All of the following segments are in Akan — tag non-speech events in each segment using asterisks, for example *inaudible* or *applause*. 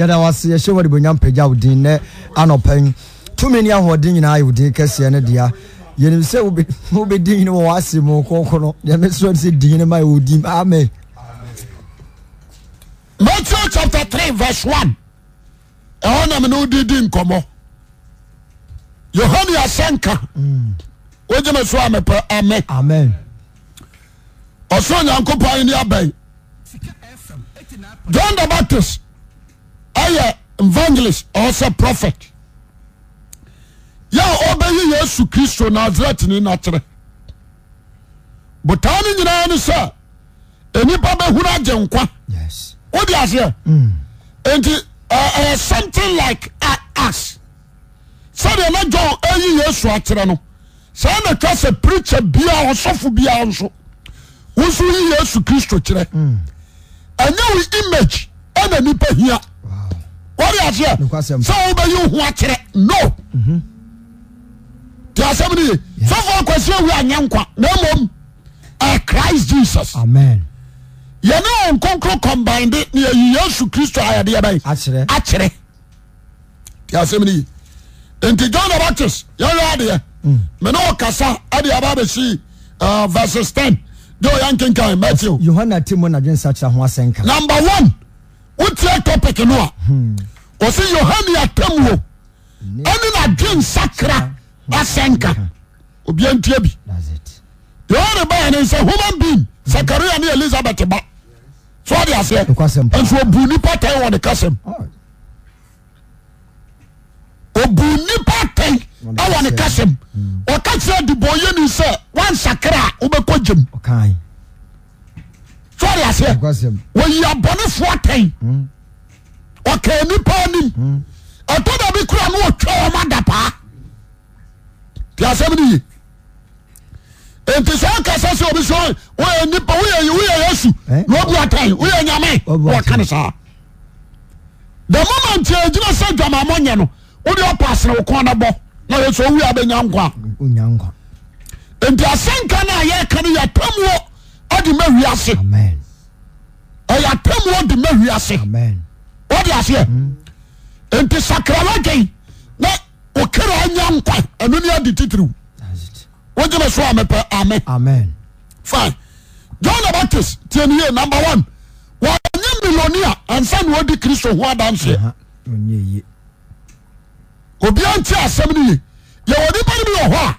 ɛawaseyɛhyɛ wode bɛnyapagyawo din nɛ anɔpa tumi no ahoɔden nyinaa ayɛwo din kɛsiɛ no dea yɛnim sɛ wobɛdinna *laughs* wɔɔase mu krokrn msoansɛ din no maɔim am ɛyɛ evangelist ɔɔ sɛ prophet yɛ ɔbɛyɛ yesu kristo nasaret no naakyerɛ botaa ne nyinaa no sɛ anipa bɛhuno agye nkwa wodiaseɛ mm. nti sometin like as sɛdeɛ na jon ayi yesu akyerɛ no saa na twɛ sɛ precha biaa ɔsɔfo biaa nso wo sowoyi yesu kristo kyerɛ mm. ɛɛ wo image na nipa hia ɛsɛwbɛyiho akerɛ n asm sɛfo kwaseɛ we anyɛnkwa na mmom christ jesus yɛne ɔnkronkro kombin de ne yesu kristo aɛdeɛa kerɛjonabaptiaɛ vrses 10 yakkaattwɛo numb o wotia topic no a hmm. ɔsɛ yohane atamuo ɛne nadwe nsakra asɛnka obia ntia bi yohane ba ne sɛ human being sakaria ne elisabeth ba so ɔde aseɛ nso ɔbu nipa tɛn wɔ ne kasɛm ɔbu oh. nipa tɛn ɛwɔ ne kasɛm mm. ɔka kyerɛ dibɔyɛni sɛ wansakra a wobɛkɔ gyem so ɔde aseɛ wɔyi abɔnefoɔ tɛn mm ɔka nipa anim ɛtɔ hmm. da bi kura no ɔtwa wɔn ada paa te asɛm no yi nti sɛ ɔkasa sɛ obi sɛ woyɛ nipa woyɛ woyɛ yesu eh? na obu atan woyɛ nyame wɔka no saa the moment yɛ gyina sɛ dwamamɔ nyɛ no wode ɔpa asene wo kɔn no bɔ na yɛ sɛ owu abɛnya nkwa nti asɛnka no a yɛka no yɛtamuo ade ma wiase ɛyɛ atamuo de ma wiase deɛ nt sakrawage na wokreaya nkwa noade titiri ogyemɛso ɛ a jonabaptist tine namb oe we milonia ansana ɔd kristo ho adns inte asɛmo yɛwɔd bari i wɔhɔ a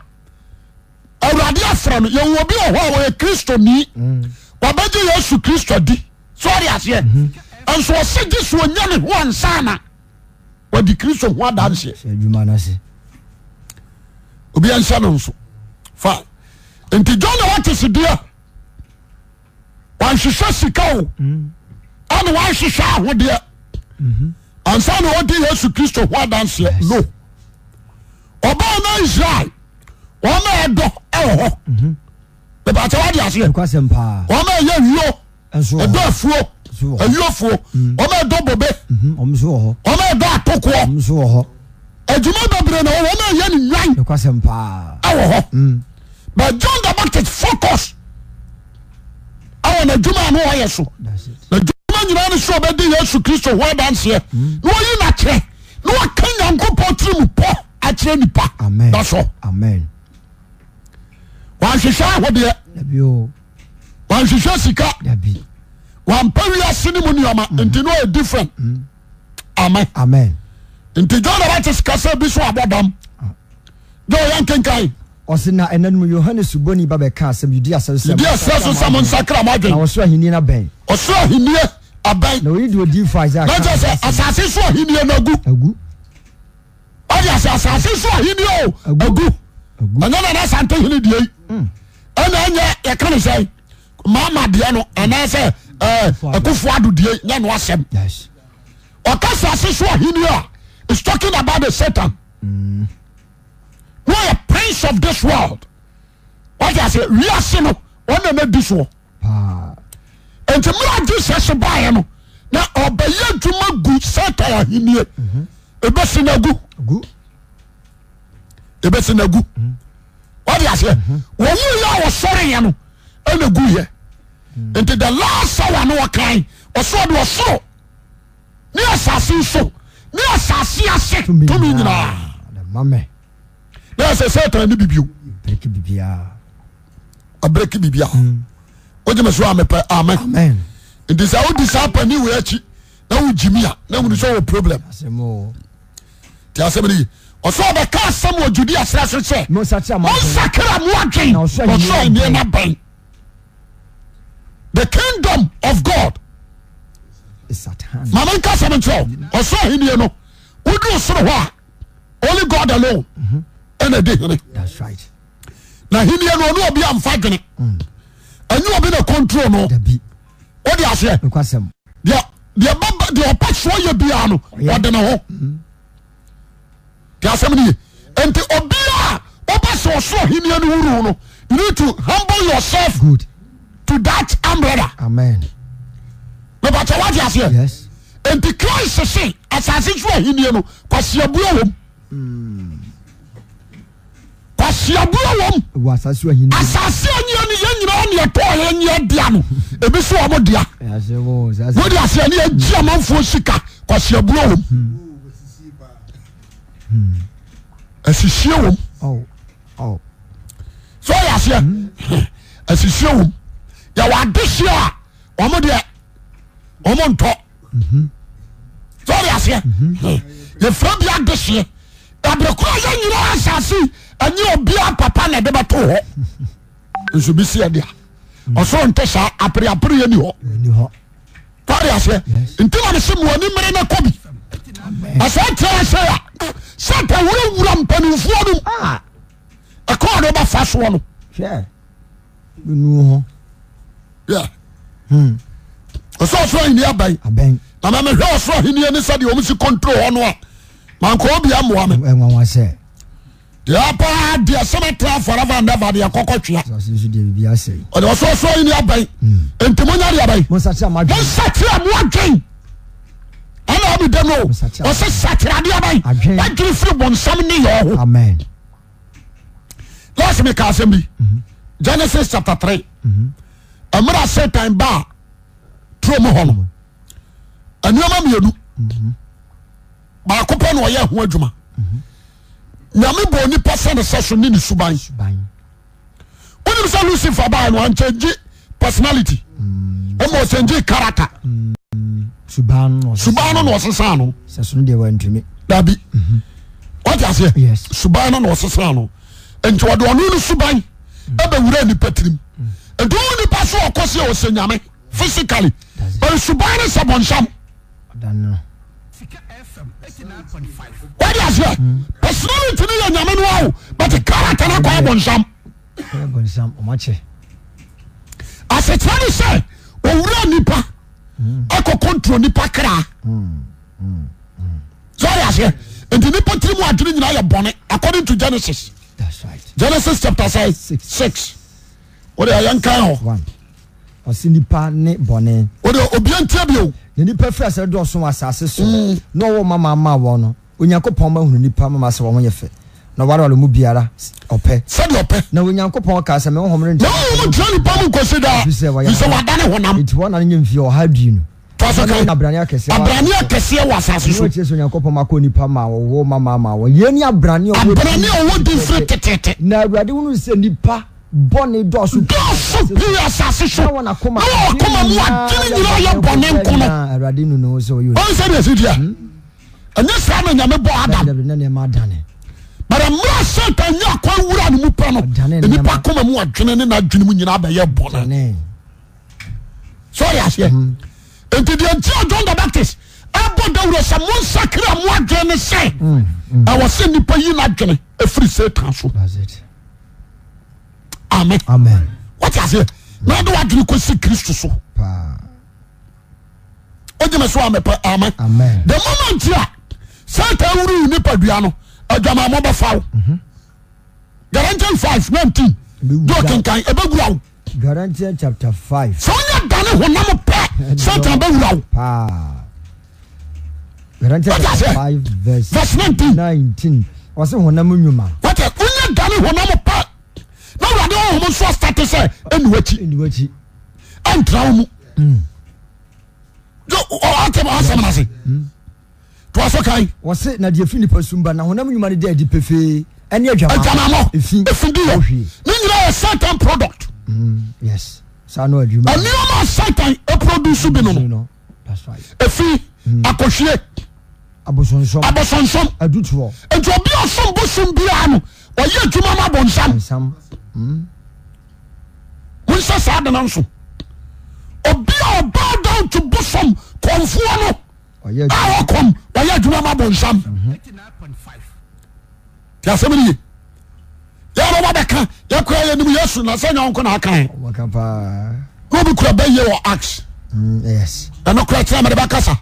awurae afr yɛɔihɔwɔyɛ kristonii waɛgye yesu kristo di sodsɛ nso ɔse gye so ɔnya ne ho ansa na wɔde kristo ho adanseɛ obi anhyɛ no nso fa nti john na wate sedeɛ wanhwehwɛ sika o ɛne mm. wanhwehwɛ ahodeɛ mm-hmm. ansa na wɔde yesu kristo ho adanseɛ no ɔbaa na israel wɔma ɛdɔ ɛwɔ hɔ bɛbɛ akyɛ wade aseɛ wɔma ɛyɛ wio ɛdɔ afuo fa adwua rnan awhɔ but john a batist focus wnaadwuma nyɛ soadwua yina nɛe yes kristo honsɛ mm. na ɔyinokyerɛ na aka nyankopɔ tirmu pɔ akyerɛ nipa nhwewɛ aheɛ nhwewɛ sika wàmpẹ wiase ni mu nìyọma mm. nti no yɛ different mm. amen amen nti John the Baptist kasa bi so abɔ dam ah. jɔn yan kankan. ɔsi na ɛnanum Yohane suboni ba bɛ ka asɛm yudi asɛm sɛm yudi asɛm so sɛm nsakira ma dwen na ɔsoro ahinie na bɛn ɔsoro ahinie abɛn na oyi di odi ifo aza kan n'o tɛ asase so ahinie na gu agu ɔdi ase asase so ahinie o agu ɛnyɛ na n'asante hini die mm. ɛna ɛnyɛ yɛ kan sɛ maama deɛ no ɛnɛ sɛ. Eh, akufo adodie nyɛ no asɛm ɔka sase so ahenni a is talking about the satan mm. no yɛ prince of this world wɔde ase wiase no wɔn na di soɔ nti mmerɛ jesus baeɛ no na ɔbɛyɛ adwuma gu satan ahenni ebesi na gu ebesi na gu wɔde ase wɔn mu yɛ a wɔsɔre no ɛna gu yɛ. enti the la sawa ne wɔ kan ɔsoode ɔsoro ne asase nso ne ɛsase ase tumi nyinaa nsɛsɛtarane bibio abereki bibiaa hmm. wogyemesoɛ amp amen nti sɛ wodi saapaniweaki na wogyimi a na wunsɛ wɔ problem tiasɛmie ɔsobɛka asɛmwa judea seraser sɛ monsakra muaden soonɛna ban the kingdom of god manonkasɛm kyɛw ɔsor henni no wodsorehɔ a oly god alone ɛnade hee na hen nɔnbiamfa dwene ɛnbinantrol nowode aɛeɔba yɛ bia noɔdenhoasɛnoynbiabɛsɛɔsorhnowuro yosef ɛwaseɛ ntcris asase s r asase aanyɛyinaneɛɛdea no bisɛ modeawodeaseɛn agyi amafoɔ sika ksrsɛ ɛɛssɛ yɛwɔ adehyeɛ a ɔmo deɛ ɔmo ntɔ sɔɔde aseɛ yɛfrɛ bi adehyeɛ abirikura yɛ nyinaa asase ɛnyɛ obiara papa na ɛde bɛto hɔ nso bi si ɛdeɛ ɔsoro nte saa apere apere yɛ ni hɔ sɔɔde aseɛ nti na ne se muoni mmiri na kobi ɛsɛ kyerɛ ɛsɛ a sata wurawura mpanimfoɔ no ɛkɔɔ de ɔba fa soɔ no. soso n ba namehɛ soo nsd msi ontro na abmoamad santmoyaosatera hmm. mo adn anmidanose saterade ba aeri firi bonsam neyoo lasme ka sem bi genesis chap t3 ɛmira satan ba turo mu hɔ no ɛnneɛma mmienu baako pɛ na ɔyɛ ho adwuma nyame bɔ nipa sɛ ne sɛ so ne ne suban wonim sɛ lucifer baa no ankyɛngye personality mm. ɛma ɔkyɛngye character mm. suban no na ɔsesa no dabi mhm. wate aseɛ suban no na ɔsesa no nti ɔde ɔno no suban mm. ɛbɛwura nipa tirim ɛdum nipa so ɔkɔ sɛ ɔsɛ nyame physically ɔnsuban ne sɛ bɔnsam wade aseɛ personality no yɛ nyame no ao but character no kɔɛ bɔnsam asekyerɛ ne sɛ ɔwura nipa hmm. ɛkɔ control nipa Kra. kraa sɔre aseɛ nti nipa tiri mu adwene nyinaa yɛ according to Genesis Genesis chapter six wọ́n de ayé nkan hɔ. ɔsi nipa ne bɔnɛ. o de obiɛ n tiɛ bi o. na nipa fi asɛ dɔɔso wɔ asase so mm. na ɔwɔ ma maa maa wɔn no onyankopɔn ma hunu nipa ma ma sɛ wɔn yɛ fɛ na wɔn arɔ mu biara ɔpɛ. sɛde ɔpɛ. na onyankopɔn ka sɛ mɛn hɔn mi. na wɔn wɔn tura nipa mu nkosi da bisɛ wada ne honam. nti wɔn nana nye nfi ɔha dui no. tɔsɔkan abrani akɛseɛ abrani akɛseɛ wɔ asase so. n'o kyerɛ sɛ onyankopɔn ma ko nipa ma wɔ wɔ ma na awurade wunu sɛ nipa bɔnni dɔɔso. dɔɔso bi asase so na wɔn akoma mu adini nyinaa yɛ bɔnni nkono. awurade nunu o sɛ o y'o ye. wọn sɛ de esi di yan hmm? ɛnyɛ saa na nyame bɔ adam bari mmerɛ satan nyɛ akɔ wura ne mu pɛ no nipa koma mu adwene ne n'adwene mu nyinaa bɛyɛ bɔnne so ɔyɛ aseɛ hmm. nti deɛ nti a john the baptist ɛbɔ dawuro sɛ mo nsakra mo adwene ne sɛ hmm, ɛwɔ sɛ nipa yi n'adwene ɛfiri satan so. snde dwene ksɛ kristsemomnt a mm-hmm. satan wurunipadua no adwamambɛfao sɛ onyɛ dane honam pɛ satan bɛwurao nntausokasenade afi mm. mm. nnipa som bana honam nwuma no de ade pefee ɛne dwae pnips binontiɔbi ɔsombosom bia no ɔyɛ adwuma no abɔnsam monsɛ sɛ dena mm, mm, mm. nso obia obal don to bosom konfu noawkom ayɛ adwuma mabnsa asɛmee ɛmaɛka ɛkayɛniasunasɛnnkabiraɛyeaɛnkaeaeɛkasa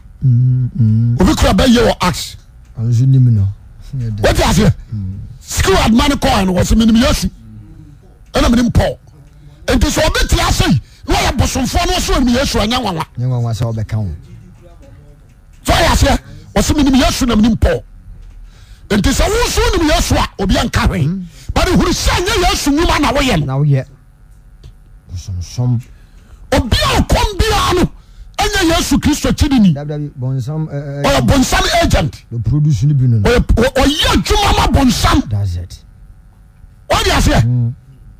aɛyeaadman n ɛna mene paul nti sɛ ɔbɛtia sei na ɔyɛ bosomfoɔ no ɔsɛ ɔnim yesu ɛnyɛ nwanwa sɛ ɔyɛ aseɛ ɔsɛ menim yesu na menim paul nti sɛ wo nso nim yesu a obia nka hwee mm. but huru sɛ nyɛ yesu nwuma na woyɛ no obi a ɔkɔm biara no ɛnyɛ yesu kristo kyidini eh, eh, ɔyɛ bonsam agent ɔyɛ adwuma ma bonsam ɔde aseɛ mm.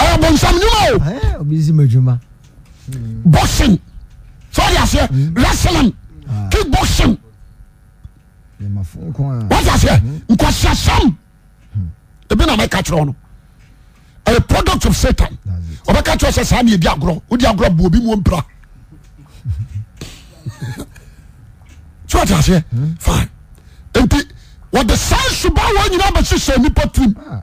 ɛyɛ bɔnsam nnwuma o. Eh, obi si ma dwuma. Hmm. boxing sɔɔdi aseɛ hmm. wrestling ah. kick boxing wɔdi aseɛ nkwasiasam ebi na ma ɛka kyerɛ ɔno ɛyɛ product of satan ɔbɛka kyerɛ sɛ saa ni ebi agorɔ odi agorɔ bu obi mu mpira sɔɔdi aseɛ fine nti wɔde saa suba wɔn nyinaa bɛ sisɛ nipa tirim. Ah.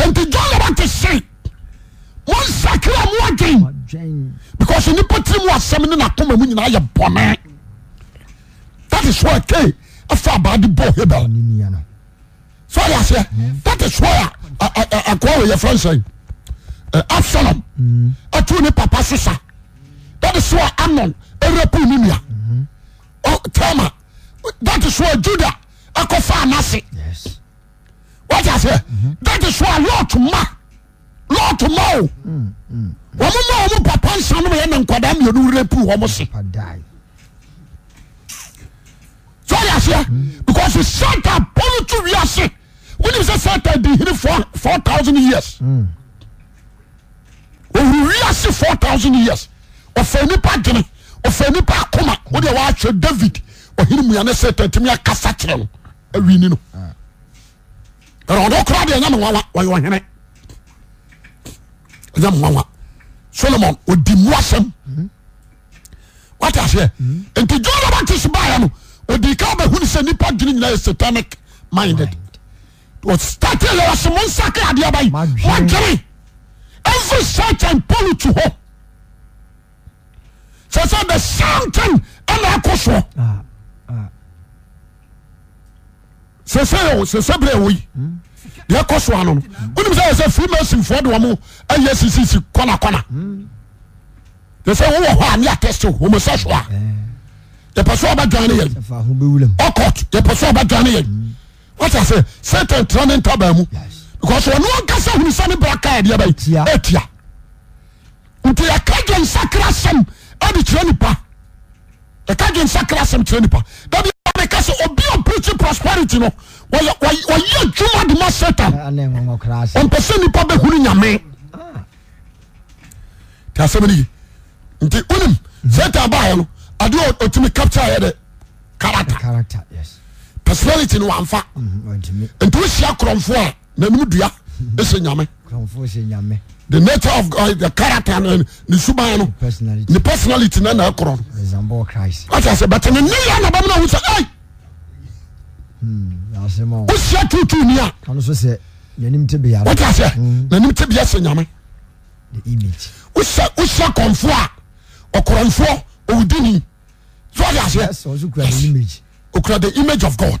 nt jannemate se monsakiria muagen because nipa tiri muasam ne na koma mu nyina yɛ bɔne tat is wh ka afa abaadi bo habel so aysɛ that is wy a akoeye franse uh, absalom mm-hmm. atoone papa sisa thatis wh anon ara ponimia tma thatis why mm-hmm. oh, juda akofa anase wọ́n ti àṣẹ that is why lọ́ọ̀tù ma lọ́ọ̀tù ma o wọ́n mú ma wọ́n papa nsán mi yẹn na nkwadaa mmienu rẹ́pù wọ́n mu si so yà àṣẹ because santa bọ́ọ̀lù tún wí àṣẹ wọ́n yìí sẹ́ santa di hiri four thousand years òhun wí àṣẹ four thousand years ọ̀fẹ́ nípa jìnnì ọ̀fẹ́ nípa akoma wọ́n yẹ wọ́n aṣọ David ọ̀hìn mu yàn ní sẹ́tẹ̀ tẹ̀mí akásá kyerẹ́ no ẹ̀wìn ni no. krade nyamwawa yee yamwawa solomon odi moa sem wats mhm. nt jonebatese baen odi ka wobahun se nip gere ynayɛ satanic mindedtsemonsake adeba ogere every serch an polotu ho ssɛ the same tin nekos seɛsɛ bɛ k ss ɛasa ka sɛ obi obrici prosperity no wayɛ dwuma dema satan ɔmpɛ sɛ nnipa bɛhunu yame ti asɛminoy nti oni mhm. satan ba ɛno ade ɔtumi capture yɛde karata personality no waamfa mhm, ntwsyia kornfoɔ ananda se yame the nature fe uh, caracter ne uh, suban e personality nnkrobutnneyanmnsia tutunittse yam sia konfu a kronfuo ouin sthe image of god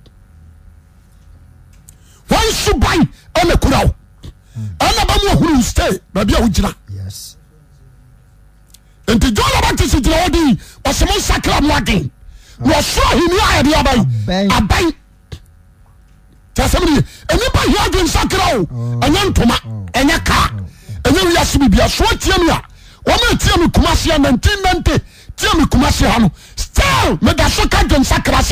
wanso bai nakora na ba moahurs babiwo gyina nti onbats in semonsakramadn sorohb abai mahsakrao ye ntoma ye ka ɛyewiasebibia soa timtieed saras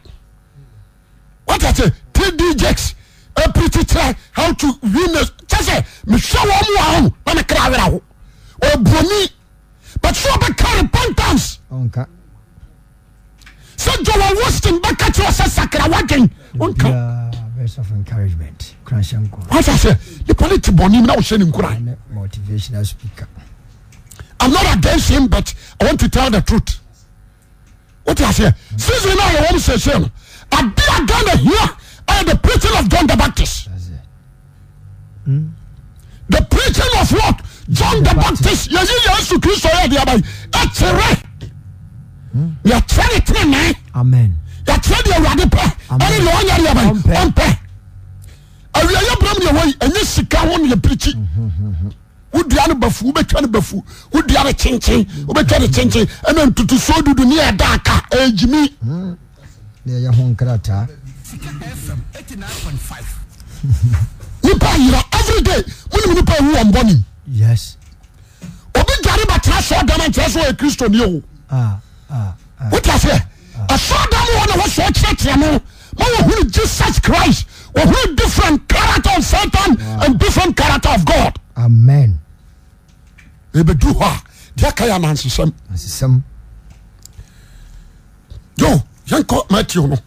t dje prettr hwtose mesewomwnaekraereho oromi but sobe kare ana sejosn atsakra mno gas but wto tel the truth wt ssonsese aden the pratn of jon e ptist the hmm? pran of on ysu st a tn ayob sikanye prei da i *laughs* nipa yera everyday munemnipahuwabɔne obi garebateaso damnteɛ sɛchristonowotasɛ ah, ah, ah. asodamhɔnehoso kyerɛkeɛ no ma wohuru jesus christ ɔhuro different caracterofstn a iffeent caracte of godss ɛnkɛ mati hono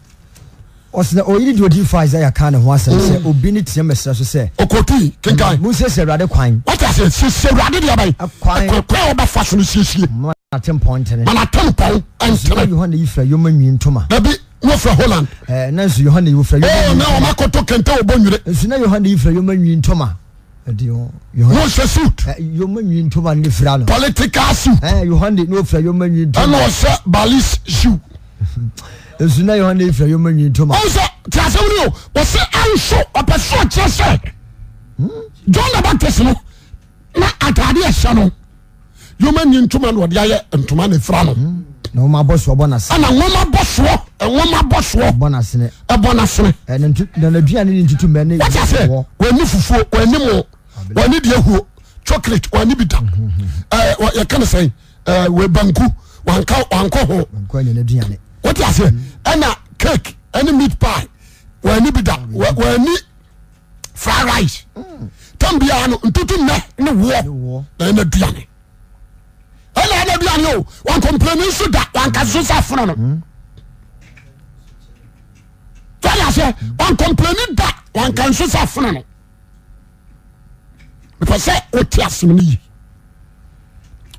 yirede di fa isaia kane ho sɛm sɛ mm. obi no tea maserɛ so sɛ sɛ afa ldo etcabals stasɛ won ɔsɛ anso ɔpɛso kyɛ sɛɛ jonda ba tose no na adade ahyɛ no yoma ni ntoma na ɔdeayɛ ntoma nefa nosɔnsen fuf ni mne de ho choclate ne biaɛen sɛbnk nk h otase ena cak ene mead py weni bida wani fra rice tanbiano intutu oh, hmm. me ne woo nana dyane enena dno n complani inso da wnanso so fonono se wn complan da wnkanso sa fonono pese wotiasimineye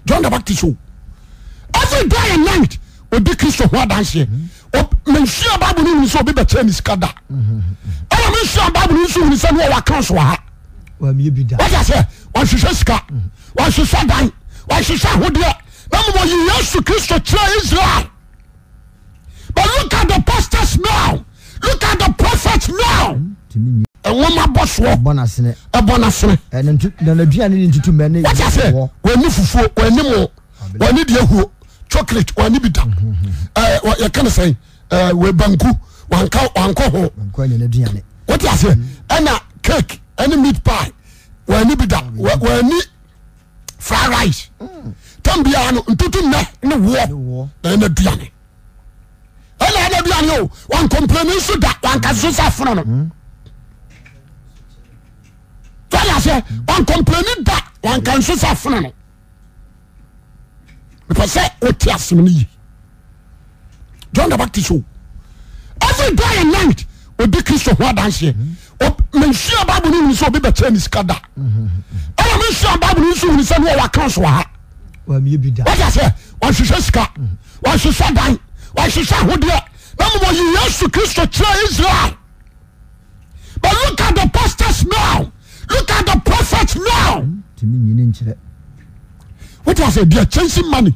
jondabate so oh. every day nniht obi kristo ho adanhe masa bible no wu sɛ obi bɛkye no sika da mmesa biblesoen sɛnowwka sowhaɛ anhweswɛ sika heswɛ a hewɛ ahodeɛ na myyesu kristo kyerɛ israel b lka the postrs no kat the prohet no woma bɔ so bɔnsen ffnn choclate ani bidayɛken se bank nk ht ɛna cak n mead pi anibida ani frari mhm. tnbia n nttn newo naana duane nnadan nmplani nso da nasosa fn s ncomplane da wnaso sa fon mefa sɛ wote asm no yi johnabat so every day annight ob kristo ho dnɛmasa bbleoeɛkn ska dame bibleosɛasohaewɛkaeswɛ wɛ hoɛyesu cristo kyerɛ israel but lookat the postes no lokat the prohet n wetease dea chansin mone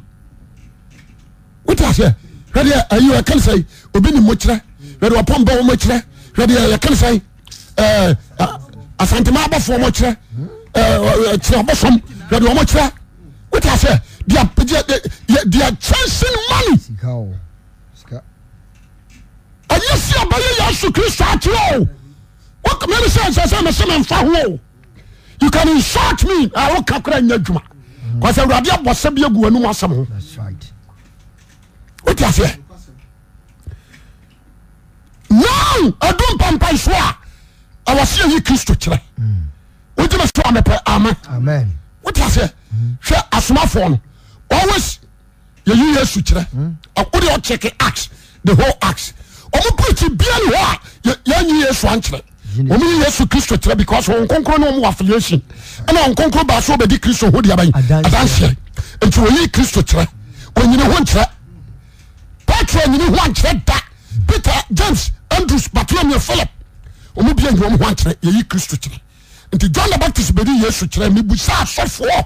wetase ede kene se obeni mo kyere eepokyere eeese asantema rea chansin mone yesiabɛye yesu khristo ate nsee meseme fa ho you can insarg me awokakra ya duma sawuradea bɔsɛ bia aguanumu asɛm ho wotiaseɛ na adu papa so a ɛwɔ se yɛyi kristo kyerɛ mm. wotimi soa mepɛ ama wotiaseɛ mm. hwɛ asomafoɔ no olwas yeyi yesu kyerɛ mm. wode ɔchike axe the whole axe ɔmopuki bianuhɔ a yɛye yesuankyerɛ omuyi yesu khristo kyerɛ because o nkonkro ne omwa filaten na nknkro basbɛdi kristoykristo kyer yi okyer otr yini honkyerɛ da peter james andrews bartolomia philip biokyerkris rjon aptysrf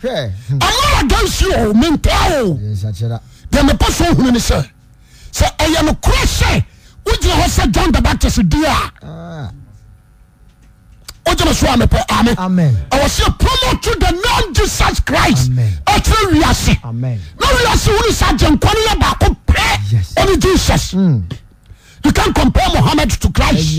amoragansu o menta o den mɛpo so ohunu ne sɛ sɛ ɔyɛ nokora sɛ woge hɔ sɛ john de bactis di a ah. ogyemosoamep ame ɛwɔsɛ promo tro dhe non jesus christ ɔtrɛ wiase no wiase wonu sa gye nkone yɛbaako prɛ ɔne jesus hmm. you can compare mohammad to christ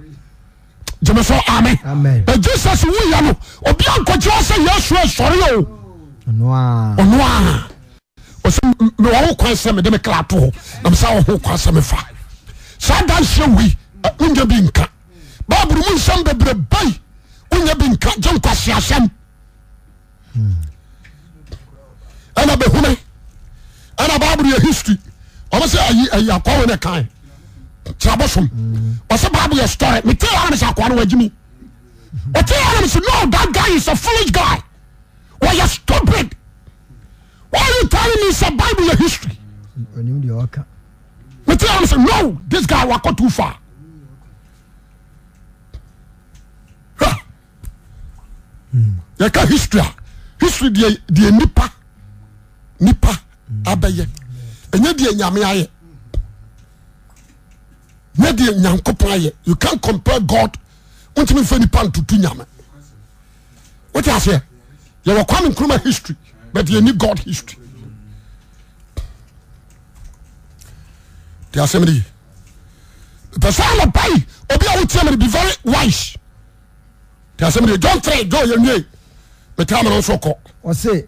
ems ame jesus woyɛno obia nkɔgio sɛ yesuɛ sɔre ɔnasɛasɛ eya bika bbe mu sɛm bebrebe ya bi ka yenka siasɛmɛnunyɛh meɛk abso se bible y store meteyamese akoanewimi te s n that guy isa flase g yste tnese bibleya historyets no this guy wak to far ykahistorya history np med yamkupoye you can compare god timi feni pane toto yame weteasee yewo kwame kroma history but yeni god history tasemereye soamo bai obiawo te mere be very wise taseye jontere jo yene metmee nso ko se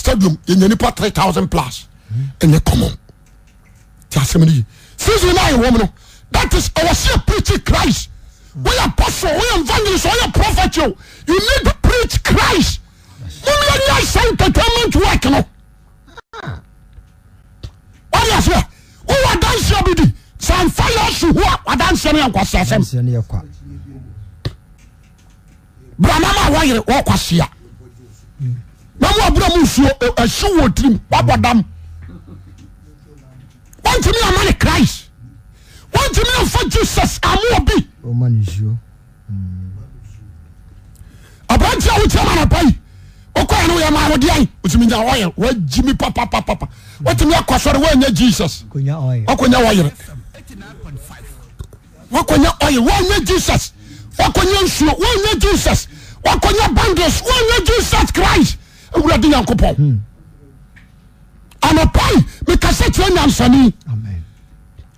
0ptaiswsɛ preah cris woyɛ postle woyɛ vangeles oyɛ profet ne preach christ nmyanasɛ intetanment wok no adea soa wowɔ adansea bidi samfa yɛ asohoa adansea no ankwaseasɛm brɛnamawɔyerɛ wɔka sea mamabrm sosewo e, trim wabo dam wantimiyamane christ wantimi ne fa hmm. jesus amobi abrat wotemn ba koyen t jm pa tmkos yjesusyye y jeus y s jesus y bns y jesus ris wrde yankopɔn anpa mekase tia namsani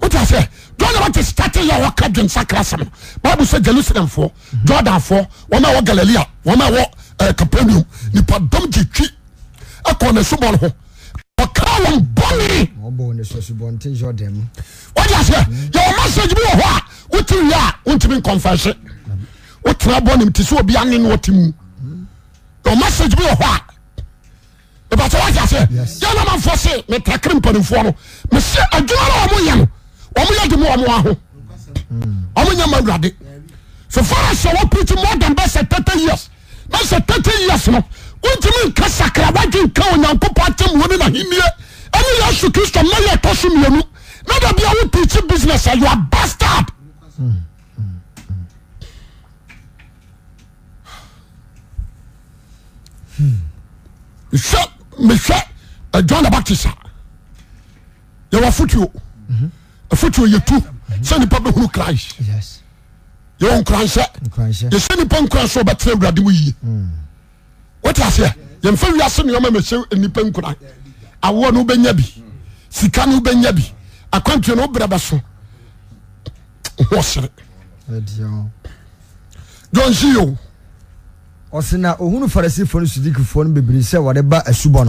wjersalemf galilea eh, apenm isn yɛnaafose eɛre mpafesɛ adwumano ɔmoyɛ no ɔmoyɛ de mowmaho ɔmoyamawurade sofaresɛwɔ p modɛsɛ 0 eaɛɛ 30 yeas no hmm. wontimi nka sakrawdwenka onyankpɔ atamami nahemie ɛne yesu kristo mɛyɛ ɛto sommien mɛdabia wo piaki business ayabastad jone baptista yɛw fufoo yɛtu sɛnip ɛ kraaɛkayatroerons sena ohunu farisefono suduk febrsɛ weba asubɔn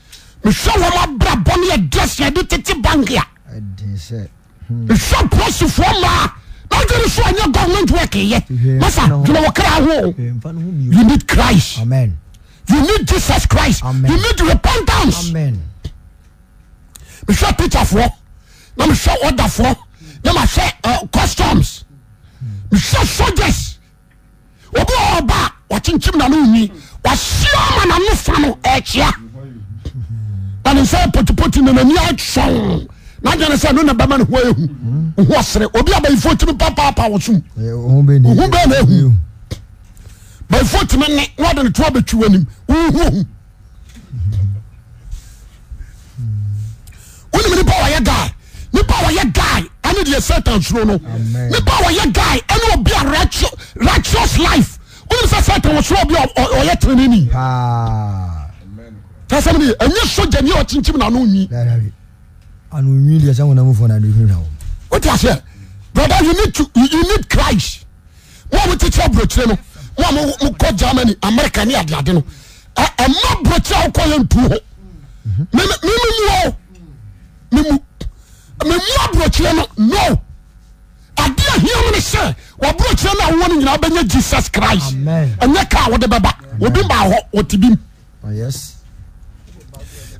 mehwɛ wɔmabrabɔne yɛdesad tete bank a hmm. mehwɛ presifoɔ maa na gono soanyɛ government wokyɛ masa genawɔkra hoo jsus s repentance mehwɛ peterfoɔ na mehwɛ orderfoɔ na mahwɛ uh, customs mehwɛ sudges obi ɔba wakenkyimnano hi wasama nano fa no akia ansa poipoti nani o aan sɛnona aman houor aomi aapa onnan tẹsán mi ẹnyẹ sọjà ni ọ kyinkyin na anu nwi. anu nwi di ẹsẹ wọn fọ n'adu hwehwẹ wọn. o ti ase broda you need to you need Christ wọn mo titiri aburokyire no wọn mo mo kọ Germany America ni adeade no ẹ ẹ mma aburokyire akọ yẹn ntu hɔ mímu mímu wọ mímu mímu aburokyire no no ade ahiam ni sẹ w'aburokyire no awọn nyinaa bɛ nye Jesus Christ ɛnyɛ kaa wɔde bɛ ba obi mba hɔ wɔte bi mu. Ah,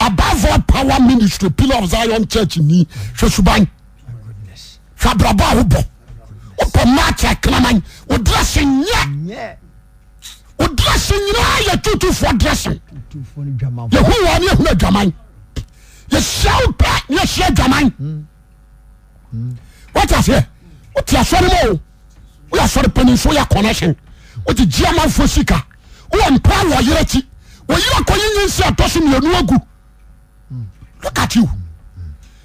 above o power ministry pel of ion church ni sasua araobo ooot look at you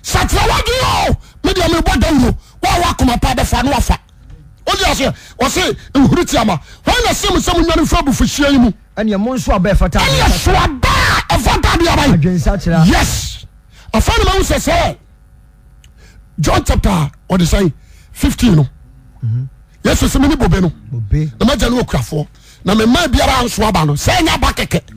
sàtìwájú yóò mídìí ọmọ ìbọn dẹwúro wọn wà kọmọ pa e abẹfà ni wà fà ó di àṣẹ ọsẹ ìhùrù tí a ma wọn yà sẹmu sẹmu nyanu fún abufu ṣiẹ yìí mu. ẹni ẹ mú nsọ abẹ ẹfọ tá a bẹ bi tá a a bẹ yàrá yes afẹ́ni máa ń sẹ̀sẹ̀ John chapter ọ̀dẹ̀sán fifteen no yẹsùn sẹ́mi ní bòbẹ́ no bòbẹ́ na má jẹ́ ní okùnàfọ́ na mẹ́mẹ́ biara nsọ́ àbá no sẹ́yìn ní abá kẹ̀kẹ́.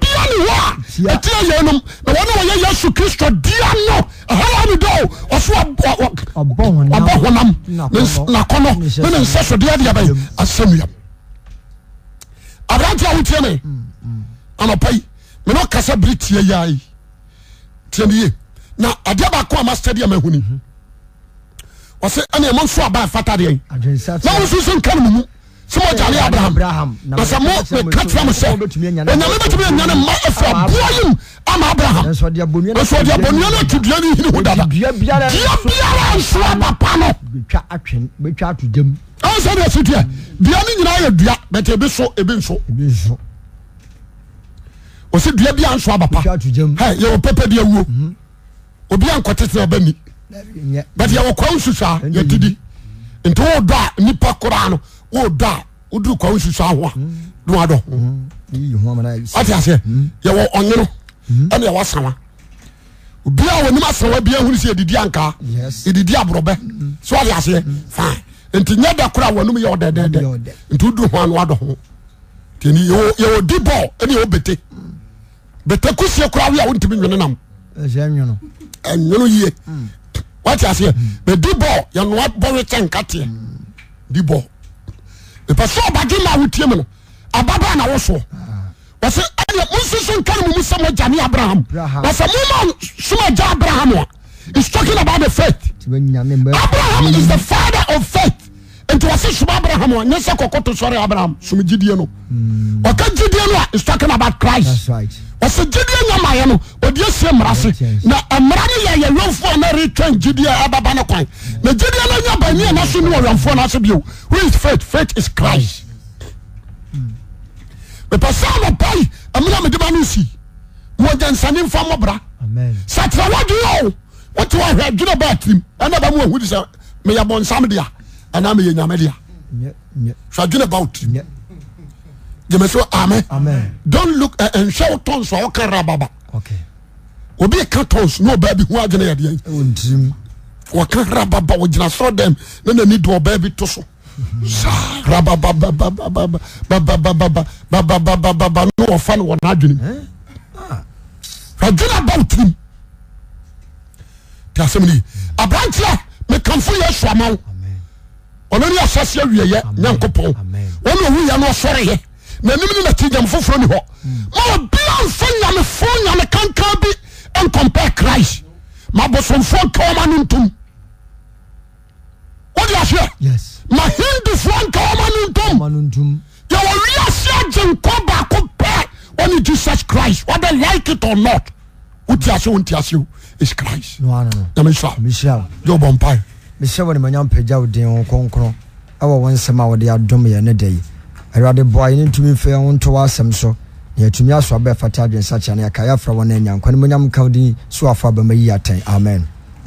oatiyeno nwne yɛ yesu kristo diano hmdo sbɔhonam ne nse so deada asana abrat hote anpa mene kasa bre ta y tye na adbakoamastadiam huni s nemosobafatdma yanebraamsɛmoeka tera m sɛ ɔyam bɛtumi anyane ma fboa im ama abrahamdbnano atwuda no inhodaaua iara nso aba pa nodesɛ dua mhm. no nyina yɛdua ntɛbbinso ɔsɛ dua biaa nso aba payɛwɔpepɛde aw obiankɔteteɛbani but yɛwɔka susaaɛi ntodɔ a nipa kora no wò da wò dúró kọ́ oṣù sọ àwọn dùn adọ. wàtí àṣẹ yẹ wọ ọ̀nyẹ́nu ẹni yẹ wọ sanwa obi a wọn ni ma sanwa bi ehun si edidi anka edidi aburobɛ hmm. so wàtí àṣẹ hmm. fine nti nyɛ dɛ kura wɔn mu yɛ ɔdɛ dɛ dɛ nti o dun hɔn ano adɔ ho tiɛni yɛ wɔ di bɔl ɛni yɛ wɔ bete hmm. bete kusie kura awi a wɔn ntumi nwene nam ɛnwene eh, eh, yie wàtí àṣẹ bɛ di bɔl yɛ nua bɔl kyɛn kateɛ di bɔl. pɔ sɛ ɔbagye mma wotiemu no ababa a nawosoɔ monsi se nka ne momu sɛmɔ gyane abraham sa moma som agya abraham a is talkin about e faithbrami fater of faith nti wɔse some abraham a nesɛ kɔkɔ to sɔre abraham some gyidie no hmm. ɔka gyidie no a is talkin about christ ɔsɛ gyidi ya mayɛ no ɔde asie mmara se na mra no yɛywafis christ mpɛ sɛopa minamedemano si a nsanefabra atrawawoawnar mso m e toswoka rababa ka a natinyam fofornehmba msɛ nyamefo nyame kanka bi ncompare christ mabosomfoɔ nk womno ywse genk bako pɛ wone jesus christ mehye wonemanyampɛ agaw den o kronkr ɛwwo nsɛm awɔde adomyɛ ne dyi awurade boa yɛne ntumi mfɛ wo nto asɛm so na yɛatumi aso abɛfata adwensakyea na yɛkae afra wɔ no anyankwa no munyam ka din so afa bɛma yi atɛn amen